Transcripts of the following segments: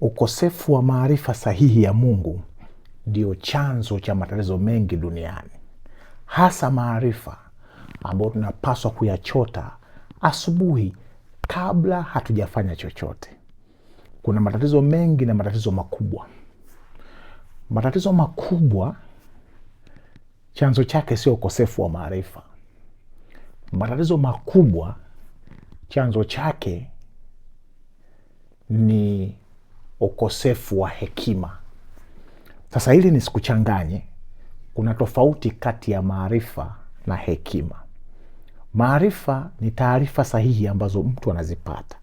Ukosefu wa maarifa sahihi ya Mungu ndio chanzo cha matatizo mengi duniani, hasa maarifa ambayo tunapaswa kuyachota asubuhi kabla hatujafanya chochote. Kuna matatizo mengi na matatizo makubwa. Matatizo makubwa chanzo chake sio ukosefu wa maarifa. Matatizo makubwa chanzo chake ni ukosefu wa hekima. Sasa hili nisikuchanganye, kuna tofauti kati ya maarifa na hekima. Maarifa ni taarifa sahihi ambazo mtu anazipata.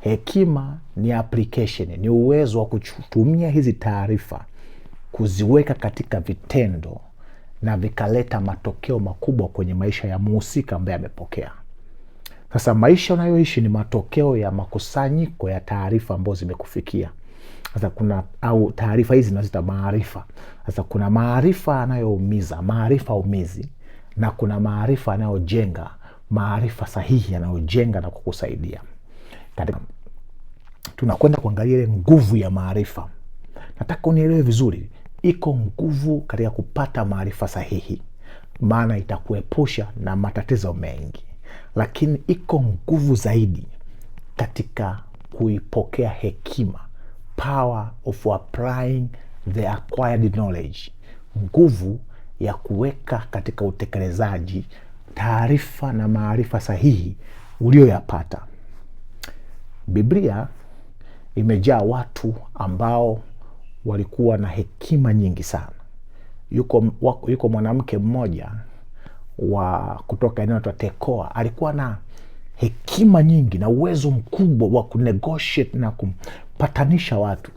Hekima ni application, ni uwezo wa kutumia hizi taarifa kuziweka katika vitendo na vikaleta matokeo makubwa kwenye maisha ya muhusika ambaye amepokea. Sasa maisha unayoishi ni matokeo ya makusanyiko ya taarifa ambazo zimekufikia. Sasa kuna au taarifa hizi nazita maarifa. Sasa kuna maarifa yanayoumiza, maarifa umizi, na kuna maarifa yanayojenga, maarifa sahihi yanayojenga na kukusaidia. tunakwenda kuangalia ile nguvu ya maarifa. Nataka unielewe vizuri, iko nguvu katika kupata maarifa sahihi, maana itakuepusha na matatizo mengi lakini iko nguvu zaidi katika kuipokea hekima, power of applying the acquired knowledge, nguvu ya kuweka katika utekelezaji taarifa na maarifa sahihi ulioyapata. Biblia imejaa watu ambao walikuwa na hekima nyingi sana. Yuko, yuko mwanamke mmoja wa kutoka eneo la Tekoa alikuwa na hekima nyingi na uwezo mkubwa wa kunegotiate na kumpatanisha watu.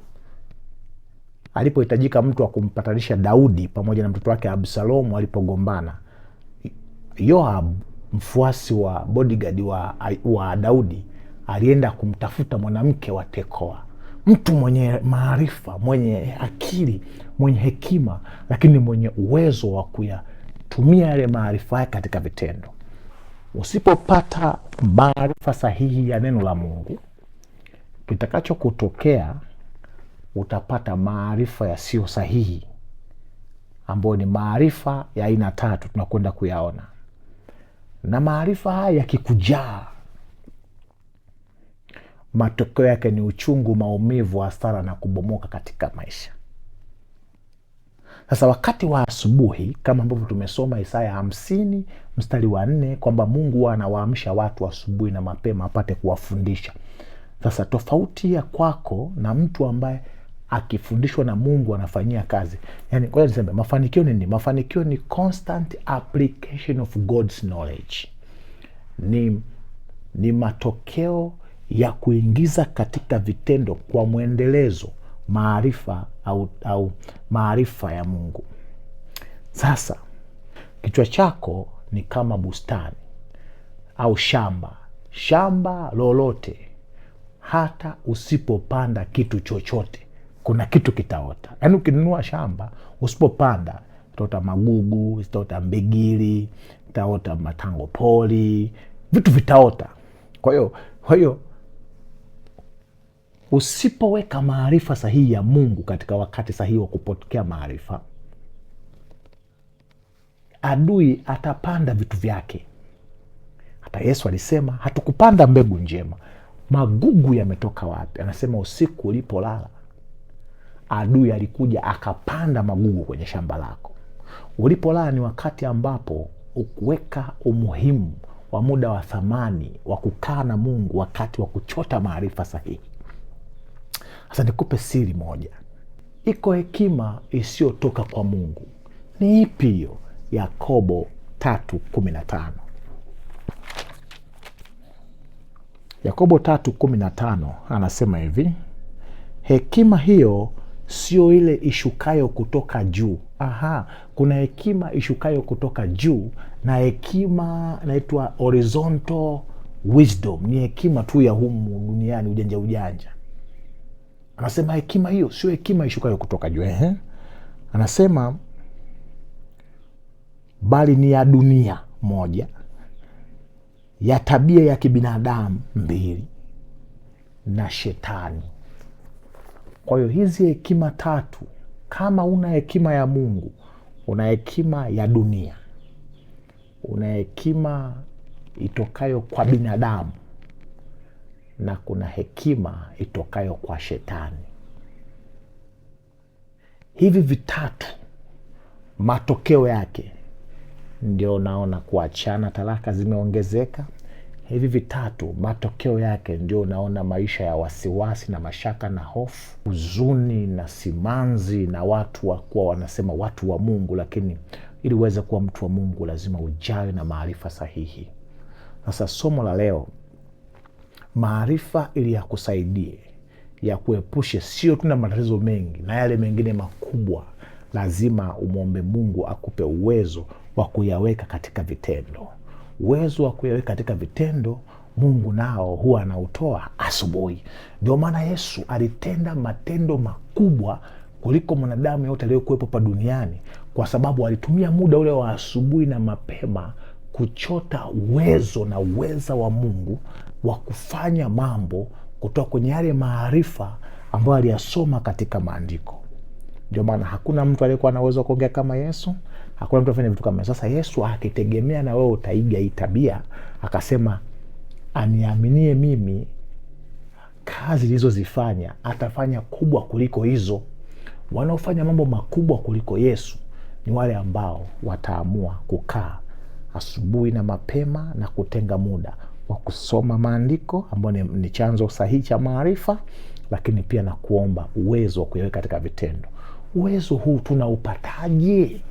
Alipohitajika mtu wa kumpatanisha Daudi pamoja na mtoto wake Absalomu alipogombana, Yoab mfuasi wa bodyguard wa, wa Daudi alienda kumtafuta mwanamke wa Tekoa, mtu mwenye maarifa, mwenye akili, mwenye hekima, lakini mwenye uwezo wa kuya kutumia yale maarifa yake katika vitendo. Usipopata maarifa sahihi ya neno la Mungu, kitakachokutokea utapata maarifa yasiyo sahihi, ambayo ni maarifa ya aina tatu tunakwenda kuyaona. Na maarifa haya yakikujaa, matokeo yake ni uchungu, maumivu, hasara na kubomoka katika maisha. Sasa wakati wa asubuhi kama ambavyo tumesoma Isaya hamsini mstari wa nne kwamba Mungu huwa anawaamsha watu asubuhi na mapema apate kuwafundisha. Sasa tofauti ya kwako na mtu ambaye akifundishwa na Mungu anafanyia kazi, yani kwa niseme, mafanikio ni nini? Mafanikio ni constant application of God's knowledge, ni, ni matokeo ya kuingiza katika vitendo kwa mwendelezo maarifa au, au maarifa ya Mungu. Sasa kichwa chako ni kama bustani au shamba, shamba lolote. Hata usipopanda kitu chochote, kuna kitu kitaota. Yaani ukinunua shamba usipopanda, taota magugu, itaota mbigili, taota matango poli, vitu vitaota. Kwa hiyo kwa hiyo Usipoweka maarifa sahihi ya Mungu katika wakati sahihi wa kupokea maarifa, adui atapanda vitu vyake. Hata Yesu alisema hatukupanda mbegu njema, magugu yametoka wapi? Anasema usiku ulipolala, adui alikuja akapanda magugu kwenye shamba lako. Ulipolala ni wakati ambapo ukuweka umuhimu wa muda wa thamani wa kukaa na Mungu, wakati wa kuchota maarifa sahihi. Sasa nikupe siri moja, iko hekima isiyotoka kwa Mungu. Ni ipi hiyo? Yakobo tatu kumi na tano. Yakobo tatu kumi na tano anasema hivi, hekima hiyo sio ile ishukayo kutoka juu. Aha, kuna hekima ishukayo kutoka juu na hekima inaitwa horizontal wisdom, ni hekima tu ya humu duniani, ujanja ujanja Anasema hekima hiyo sio hekima ishukayo kutoka juu. Ehe, anasema bali ni ya dunia moja, ya tabia ya kibinadamu mbili, na shetani. Kwa hiyo hizi hekima tatu, kama una hekima ya Mungu, una hekima ya dunia, una hekima itokayo kwa binadamu na kuna hekima itokayo kwa Shetani. Hivi vitatu matokeo yake ndio unaona kuachana, talaka zimeongezeka. Hivi vitatu matokeo yake ndio unaona maisha ya wasiwasi na mashaka na hofu, huzuni na simanzi, na watu wakuwa wanasema watu wa Mungu, lakini ili uweze kuwa mtu wa Mungu lazima ujawe na maarifa sahihi. Sasa somo la leo maarifa ili yakusaidie yakuepushe sio tu na matatizo mengi na yale mengine makubwa. Lazima umwombe Mungu akupe uwezo wa kuyaweka katika vitendo. Uwezo wa kuyaweka katika vitendo Mungu nao huwa anautoa asubuhi. Ndio maana Yesu alitenda matendo makubwa kuliko mwanadamu yote aliyokuwepo pa duniani, kwa sababu alitumia muda ule wa asubuhi na mapema kuchota uwezo na uweza wa Mungu wa kufanya mambo kutoka kwenye yale maarifa ambayo aliyasoma katika maandiko. Ndio maana hakuna mtu aliyekuwa na uwezo wa kuongea kama Yesu, hakuna mtu afanya vitu kama Yesu. Sasa Yesu akitegemea na wewe utaiga hii tabia, akasema aniaminie mimi, kazi ilizozifanya atafanya kubwa kuliko hizo. Wanaofanya mambo makubwa kuliko Yesu ni wale ambao wataamua kukaa asubuhi na mapema na kutenga muda wa kusoma maandiko ambayo ni chanzo sahihi cha maarifa, lakini pia na kuomba uwezo wa kuyaweka katika vitendo. Uwezo huu tunaupataje?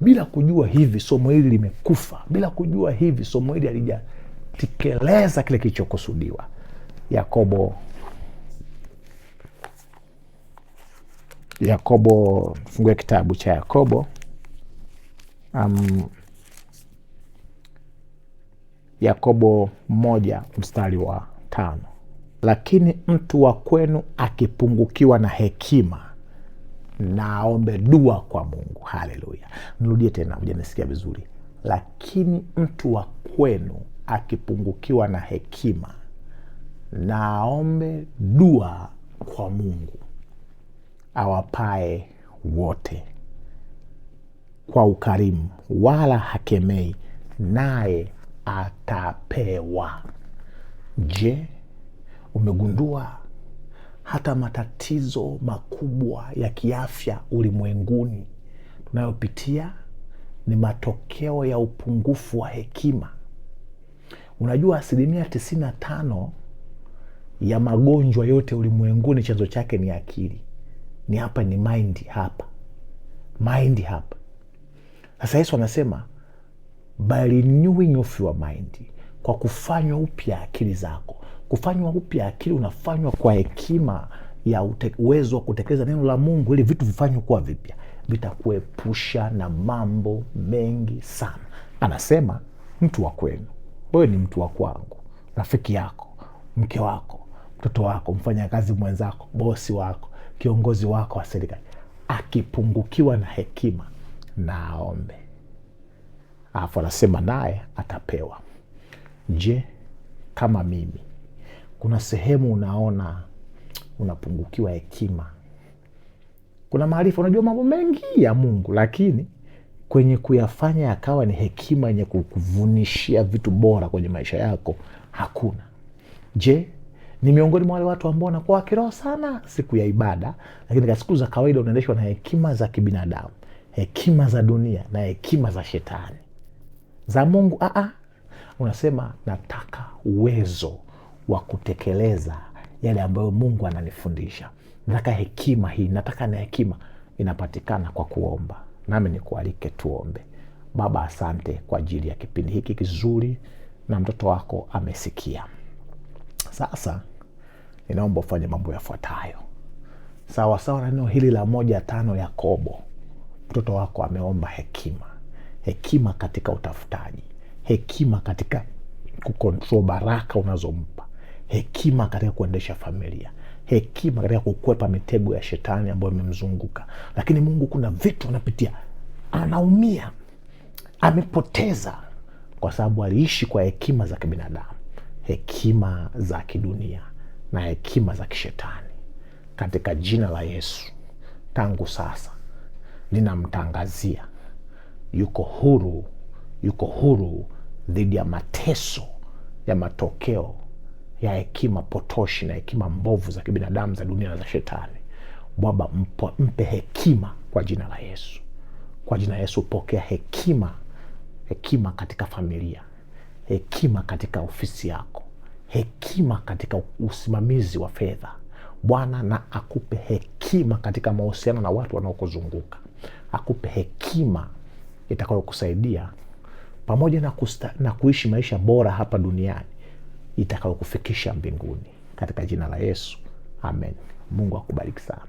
Bila kujua hivi somo hili limekufa, bila kujua hivi somo hili halijatekeleza kile kilichokusudiwa. Yakobo Yakobo, fungue kitabu cha Yakobo um, Yakobo moja mstari wa tano. Lakini mtu wa kwenu akipungukiwa na hekima na aombe dua kwa Mungu. Haleluya, nirudie tena, mjanisikia vizuri. Lakini mtu wa kwenu akipungukiwa na hekima na aombe dua kwa Mungu awapae wote kwa ukarimu, wala hakemei, naye atapewa. Je, umegundua hata matatizo makubwa ya kiafya ulimwenguni tunayopitia ni matokeo ya upungufu wa hekima? Unajua, asilimia tisini na tano ya magonjwa yote ulimwenguni chanzo chake ni akili. Ni hapa, ni maindi hapa, maindi hapa. Sasa Yesu anasema by renewing of your mind, kwa kufanywa upya akili zako. Kufanywa upya akili unafanywa kwa hekima ya uwezo wa kutekeleza neno la Mungu ili vitu vifanywe kuwa vipya, vitakuepusha na mambo mengi sana. Anasema mtu wa kwenu, wewe ni mtu wa kwangu, rafiki yako, mke wako, mtoto wako, mfanyakazi mwenzako, bosi wako, kiongozi wako wa serikali, akipungukiwa na hekima na aombe alafu anasema naye atapewa. Je, kama mimi, kuna sehemu unaona unapungukiwa hekima, kuna maarifa, unajua mambo mengi ya Mungu, lakini kwenye kuyafanya yakawa ni hekima yenye kukuvunishia vitu bora kwenye maisha yako hakuna. Je, ni miongoni mwa wale watu ambao wanakuwa wakiroho sana siku ya ibada, lakini katika siku za kawaida unaendeshwa na hekima za kibinadamu, hekima za dunia na hekima za shetani za Mungu. Aa, ah, ah. unasema nataka uwezo wa kutekeleza yale ambayo Mungu ananifundisha. Nataka hekima hii, nataka na hekima inapatikana kwa kuomba. Nami nikualike tuombe. Baba, asante kwa ajili ya kipindi hiki kizuri, na mtoto wako amesikia. Sasa ninaomba ufanye mambo yafuatayo sawasawa na neno hili la moja tano Yakobo. Mtoto wako ameomba hekima hekima katika utafutaji, hekima katika kukontrol baraka unazompa, hekima katika kuendesha familia, hekima katika kukwepa mitego ya shetani ambayo imemzunguka. Lakini Mungu kuna vitu anapitia, anaumia, amepoteza, kwa sababu aliishi kwa hekima za kibinadamu, hekima za kidunia na hekima za kishetani. Katika jina la Yesu, tangu sasa ninamtangazia yuko huru, yuko huru dhidi ya mateso ya matokeo ya hekima potoshi na hekima mbovu za kibinadamu za dunia na za Shetani. Baba, mpe hekima kwa jina la Yesu. Kwa jina la Yesu, pokea hekima, hekima katika familia, hekima katika ofisi yako, hekima katika usimamizi wa fedha Bwana, na akupe hekima katika mahusiano na watu wanaokuzunguka, akupe hekima itakayokusaidia pamoja na, kusta, na kuishi maisha bora hapa duniani itakayokufikisha mbinguni katika jina la Yesu, amen. Mungu akubariki sana.